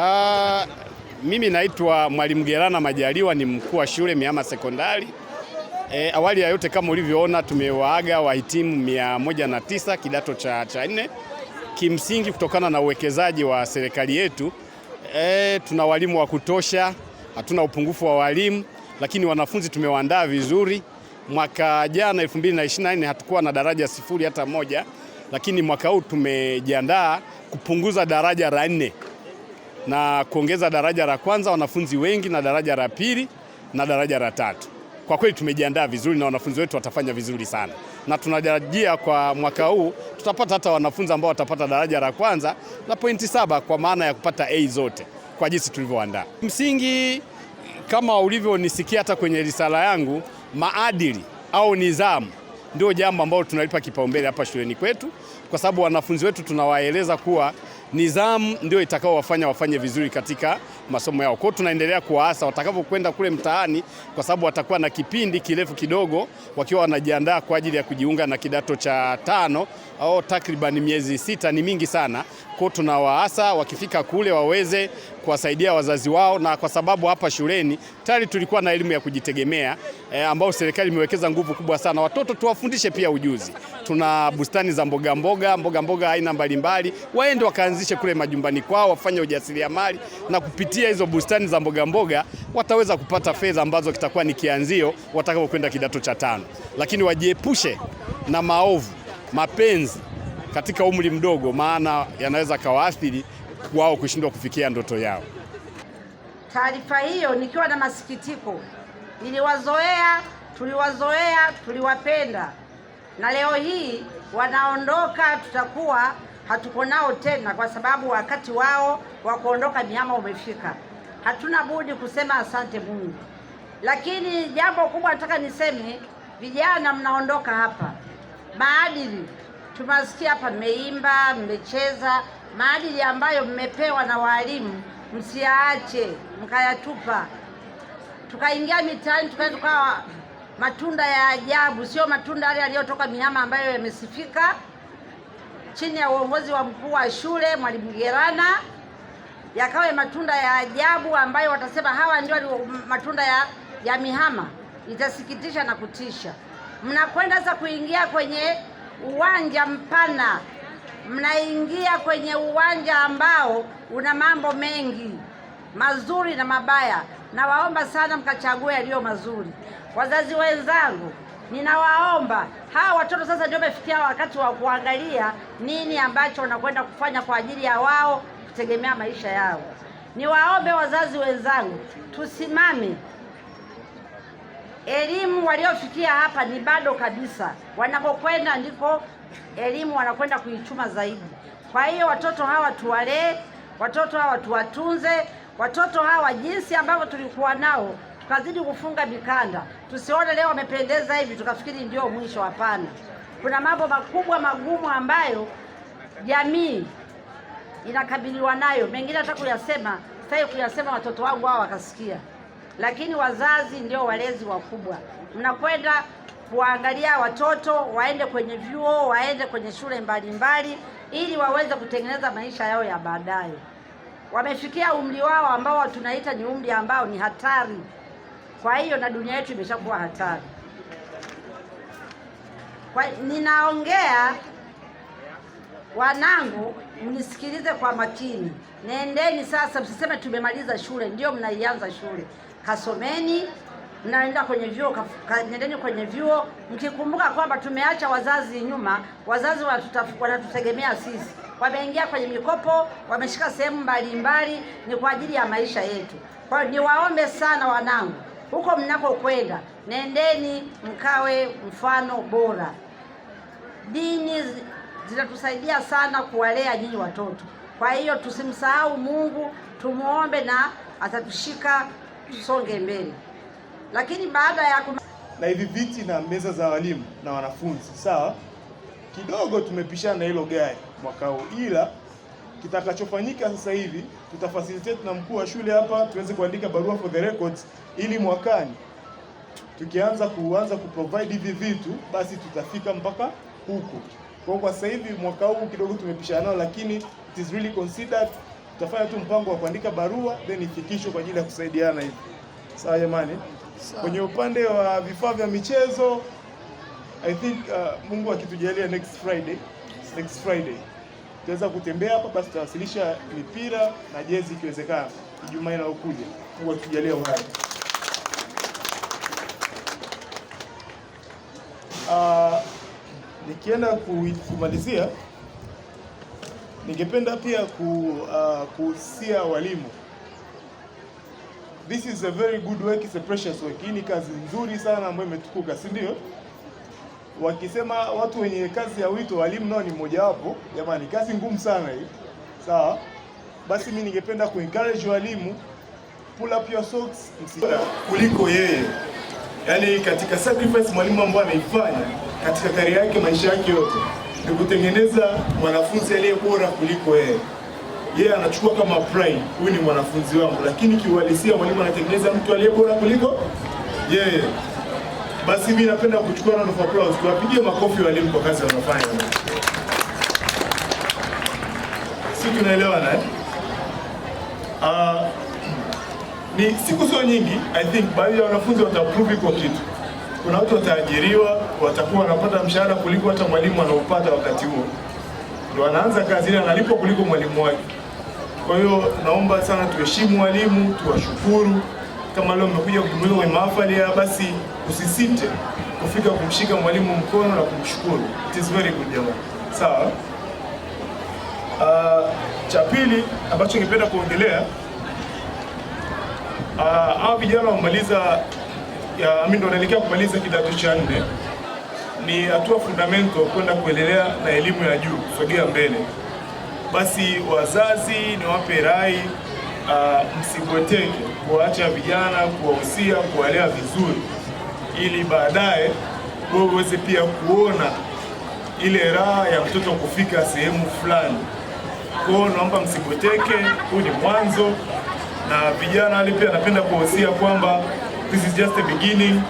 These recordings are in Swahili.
Uh, mimi naitwa Mwalimu Gerana Majaliwa ni mkuu wa shule Mihama Sekondari. E, awali ya yote kama ulivyoona tumewaaga wahitimu mia kidato cha, cha nne. Kimsingi kutokana na uwekezaji wa serikali yetu e, tuna walimu wa kutosha, hatuna upungufu wa walimu, lakini wanafunzi tumewaandaa vizuri. Mwaka jana 2024 hatukuwa na daraja sifuri hata moja, lakini mwaka huu tumejiandaa kupunguza daraja la nne na kuongeza daraja la kwanza wanafunzi wengi na daraja la pili na daraja la tatu. Kwa kweli tumejiandaa vizuri na wanafunzi wetu watafanya vizuri sana, na tunatarajia kwa mwaka huu tutapata hata wanafunzi ambao watapata daraja la kwanza na pointi saba kwa maana ya kupata A zote kwa jinsi tulivyoandaa. Msingi kama ulivyonisikia hata kwenye risala yangu, maadili au nidhamu ndio jambo ambalo tunalipa kipaumbele hapa shuleni kwetu, kwa sababu wanafunzi wetu tunawaeleza kuwa nidhamu ndio itakaowafanya wafanye vizuri katika masomo yao. Kwao tunaendelea kuwaasa watakapokwenda kule mtaani, kwa sababu watakuwa na kipindi kirefu kidogo wakiwa wanajiandaa kwa ajili ya kujiunga na kidato cha tano, au takriban miezi sita, ni mingi sana. Kwao tunawaasa wakifika kule waweze kuwasaidia wazazi wao, na kwa sababu hapa shuleni tayari tulikuwa na elimu ya kujitegemea e, eh, ambao serikali imewekeza nguvu kubwa sana. Watoto tuwafundishe pia ujuzi. Tuna bustani za mboga mboga mboga, mboga aina mbalimbali, waende wakaanze waanzishe kule majumbani kwao, wafanye ujasiriamali na kupitia hizo bustani za mboga mboga wataweza kupata fedha ambazo kitakuwa ni kianzio watakapokwenda kidato cha tano, lakini wajiepushe na maovu, mapenzi katika umri mdogo, maana yanaweza kawaathiri wao kushindwa kufikia ndoto yao. Taarifa hiyo nikiwa na masikitiko, niliwazoea, tuliwazoea, tuliwapenda na leo hii wanaondoka, tutakuwa hatuko nao tena, kwa sababu wakati wao wa kuondoka mihama umefika. Hatuna budi kusema asante Mungu. Lakini jambo kubwa nataka niseme, vijana mnaondoka hapa, maadili tumasikia hapa, mmeimba, mmecheza, maadili ambayo mmepewa na waalimu msiyaache mkayatupa, tukaingia mitaani tukaenda tukawa matunda ya ajabu, sio matunda yale yaliyotoka mihama ambayo yamesifika chini ya uongozi wa mkuu wa shule Mwalimu Gerana yakawe matunda ya ajabu ambayo watasema hawa ndio matunda ya, ya mihama. Itasikitisha na kutisha. Mnakwenda sasa kuingia kwenye uwanja mpana, mnaingia kwenye uwanja ambao una mambo mengi mazuri na mabaya. Nawaomba sana mkachague yaliyo mazuri, wazazi wenzangu. Ninawaomba hawa watoto sasa ndio wamefikia wakati wa kuangalia nini ambacho wanakwenda kufanya kwa ajili ya wao kutegemea maisha yao. Niwaombe wazazi wenzangu, tusimame. Elimu waliofikia hapa ni bado kabisa, wanakokwenda ndiko elimu wanakwenda kuichuma zaidi. Kwa hiyo watoto hawa tuwalee, watoto hawa tuwatunze, watoto hawa jinsi ambavyo tulikuwa nao tukazidi kufunga mikanda, tusione leo wamependeza hivi tukafikiri ndio mwisho. Hapana, kuna mambo makubwa magumu ambayo jamii inakabiliwa nayo, mengine hata kuyasema sitaki kuyasema, watoto wangu hao wakasikia. Lakini wazazi ndio walezi wakubwa, mnakwenda kuwaangalia watoto waende kwenye vyuo, waende kwenye shule mbalimbali, ili waweze kutengeneza maisha yao ya baadaye. Wamefikia umri wao ambao tunaita ni umri ambao ni hatari. Kwa hiyo na dunia yetu imeshakuwa hatari. Kwa ninaongea wanangu, mnisikilize kwa makini. Nendeni sasa, msiseme tumemaliza shule, ndio mnaianza shule. Kasomeni, mnaenda kwenye vyuo, nendeni kwenye vyuo mkikumbuka kwamba tumeacha wazazi nyuma. Wazazi wanatutegemea sisi, wameingia kwenye mikopo, wameshika sehemu mbalimbali, ni kwa ajili ya maisha yetu. Kwa hiyo niwaombe sana wanangu huko mnakokwenda, nendeni mkawe mfano bora. Dini zitatusaidia sana kuwalea nyinyi watoto. Kwa hiyo tusimsahau Mungu, tumuombe na atatushika, tusonge mbele. Lakini baada ya kum... na hivi viti na meza za walimu na wanafunzi, sawa, kidogo tumepishana na hilo gari mwaka huu, ila kitakachofanyika sasa hivi tutafacilitate na mkuu wa shule hapa tuweze kuandika barua for the records, ili mwakani tukianza kuanza kuprovide hivi vitu basi tutafika mpaka huko. Kwa kwa sasa hivi mwaka huu kidogo tumepishana nao, lakini it is really considered. Tutafanya tu mpango wa kuandika barua then ifikishwe kwa ajili ya kusaidiana hivi. Sawa jamani, kwenye upande wa vifaa vya michezo I think uh, Mungu akitujalia next Friday, next Friday tutaweza kutembea hapa, basi tutawasilisha mipira na jezi ikiwezekana Ijumaa inayokuja, Mungu akijalia uhai. Uh, nikienda kumalizia, ningependa pia ah, kuhusia uh, walimu. This is a very good work, it's a precious work. Hii ni kazi nzuri sana ambayo imetukuka, si ndio? wakisema watu wenye kazi ya wito, walimu nao ni wapo. Jamani, kazi ngumu sana hii, sawa? Basi mimi ningependa encourage walimu pull up your socks kuliko yeye, yaani katika sacrifice mwalimu ambayo ameifanya katika kariera yake, maisha yake yote ni kutengeneza mwanafunzi aliye bora kuliko yeye. Yeye anachukua kama pride, huyu ni mwanafunzi wangu, lakini kiuhalisia mwalimu anatengeneza mtu aliye bora kuliko yeye. Basi mimi napenda kuchukua round of applause, tuwapigie makofi walimu kwa kazi wanafanya. Sisi tunaelewana eh? Uh, ni siku sio nyingi, I think baadhi ya wanafunzi wataprove kwa kitu. Kuna watu wataajiriwa, watakuwa wanapata mshahara kuliko hata mwalimu anaopata wakati huo, ndio anaanza kazi ile analipwa kuliko mwalimu wake. Kwa hiyo naomba sana tuheshimu walimu, tuwashukuru. Kama leo mmekuja kujumuika kwenye mahafali haya, basi usisite kufika kumshika mwalimu mkono na kumshukuru. It is very good jamani, sawa. Uh, cha pili ambacho ningependa kuongelea ah, hawa uh, vijana wamaliza mimi ndo naelekea kumaliza kidato cha nne, ni hatua fundamento kwenda kuendelea na elimu ya juu kusogea mbele. Basi wazazi niwape rai uh, kuwaacha vijana, kuwahusia, kuwalea vizuri ili baadaye wewe uweze pia kuona ile raha ya mtoto kufika sehemu fulani. Kwa hiyo naomba msipoteke, huu ni mwanzo, na vijana wale pia napenda kuwahusia kwamba this is just the beginning.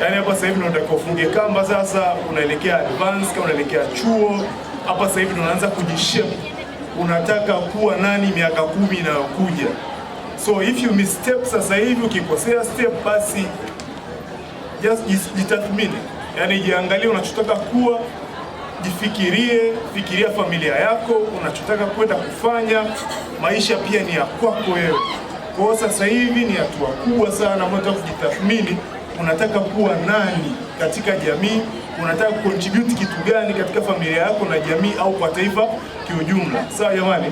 Yaani hapa sasa hivi unatakiwa ufunge kamba, sasa unaelekea advance, kama unaelekea chuo. Hapa sasa hivi unaanza kujishape, unataka kuwa nani miaka kumi inayokuja. So if you misstep sasa hivi, ukikosea step basi just jitathmini, yani jiangalie unachotaka kuwa, jifikirie, fikiria familia yako, unachotaka kwenda kufanya. Maisha pia ni ya kwako wewe. Kwa sasa hivi ni hatua kubwa sana, unataka kujitathmini, unataka kuwa nani katika jamii, unataka kucontribute kitu gani katika familia yako na jamii au kwa taifa kiujumla. Sawa jamani?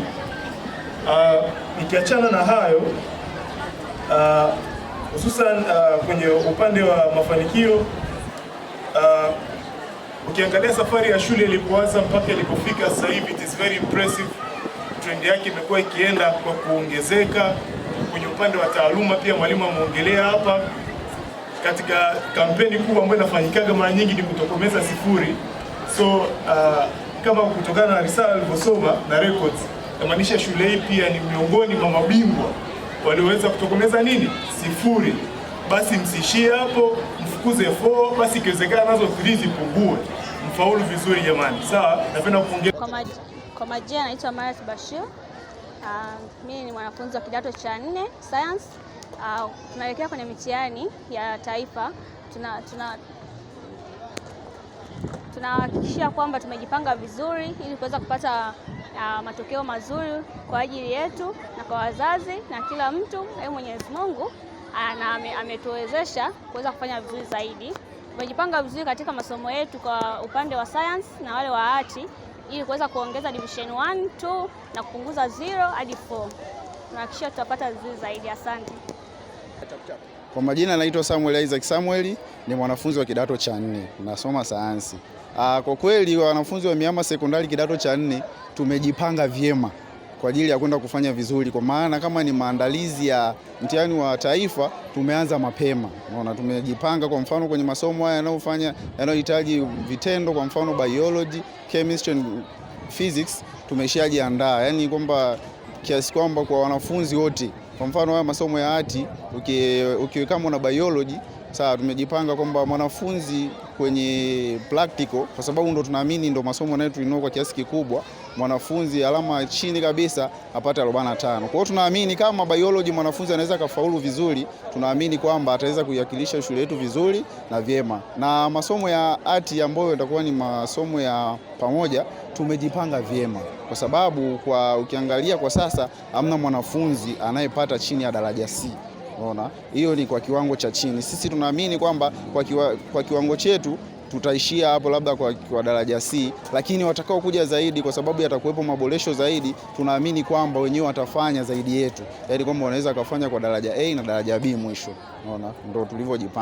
Uh, nikiachana na hayo uh, hususan uh, kwenye upande wa mafanikio uh, ukiangalia safari ya shule ilipoanza mpaka ilipofika sasa hivi it is very impressive. Trend yake imekuwa ikienda kwa kuongezeka kwenye upande wa taaluma, pia mwalimu ameongelea hapa katika kampeni kubwa ambayo inafanyikaga mara nyingi ni kutokomeza sifuri. So uh, kama kutokana na risala alivyosoma na records, namaanisha shule hii pia ni miongoni mwa mabingwa walioweza kutokomeza nini? Sifuri. Basi msiishie hapo, mfukuze 4 basi ikiwezekana nazo 3 zipungue, mfaulu vizuri jamani. Sawa, napenda kupongeza. Kwa majina naitwa Mariat Bashir. Uh, mimi ni mwanafunzi wa kidato cha nne science. Uh, tunaelekea kwenye mitihani ya taifa. Tuna tuna tunahakikishia kwamba tumejipanga vizuri ili kuweza kupata na matokeo mazuri kwa ajili yetu na kwa wazazi na kila mtu. Ee Mwenyezi Mungu ah, ametuwezesha kuweza kufanya vizuri zaidi. Tumejipanga vizuri katika masomo yetu kwa upande wa science na wale wa arti ili kuweza kuongeza division 1, 2 na kupunguza 0 hadi 4. Tunahakikisha tutapata vizuri zaidi. Asante. Kwa majina naitwa Samuel Isaac Samuel, ni mwanafunzi wa kidato cha nne nasoma sayansi. Ah, kwa kweli wanafunzi wa miama Sekondari kidato cha nne tumejipanga vyema kwa ajili ya kwenda kufanya vizuri, kwa maana kama ni maandalizi ya mtihani wa taifa tumeanza mapema. Unaona, tumejipanga kwa mfano kwenye masomo haya yanayofanya yanayohitaji vitendo, kwa mfano biology, chemistry and physics tumeshajiandaa, yani kwamba kiasi kwamba kwa wanafunzi wote kwa mfano haya masomo ya hati kama na biology, sawa, tumejipanga kwamba mwanafunzi kwenye practical, kwa sababu ndo tunaamini ndo masomo yanayotuinua kwa kiasi kikubwa. Mwanafunzi alama chini kabisa apate 45. Kwa hiyo tunaamini kama biology mwanafunzi anaweza akafaulu vizuri, tunaamini kwamba ataweza kuiwakilisha shule yetu vizuri na vyema. Na masomo ya ati ambayo yatakuwa ni masomo ya pamoja, tumejipanga vyema kwa sababu kwa ukiangalia kwa sasa hamna mwanafunzi anayepata chini ya daraja C. Unaona, hiyo ni kwa kiwango cha chini. Sisi tunaamini kwamba kwa, kiwa, kwa kiwango chetu tutaishia hapo labda kwa, kwa daraja C, lakini watakao kuja zaidi, kwa sababu yatakuwepo maboresho zaidi, tunaamini kwamba wenyewe watafanya zaidi yetu, yaani kwamba wanaweza wakafanya kwa daraja A na daraja B mwisho. Unaona, ndio tulivyojipanga.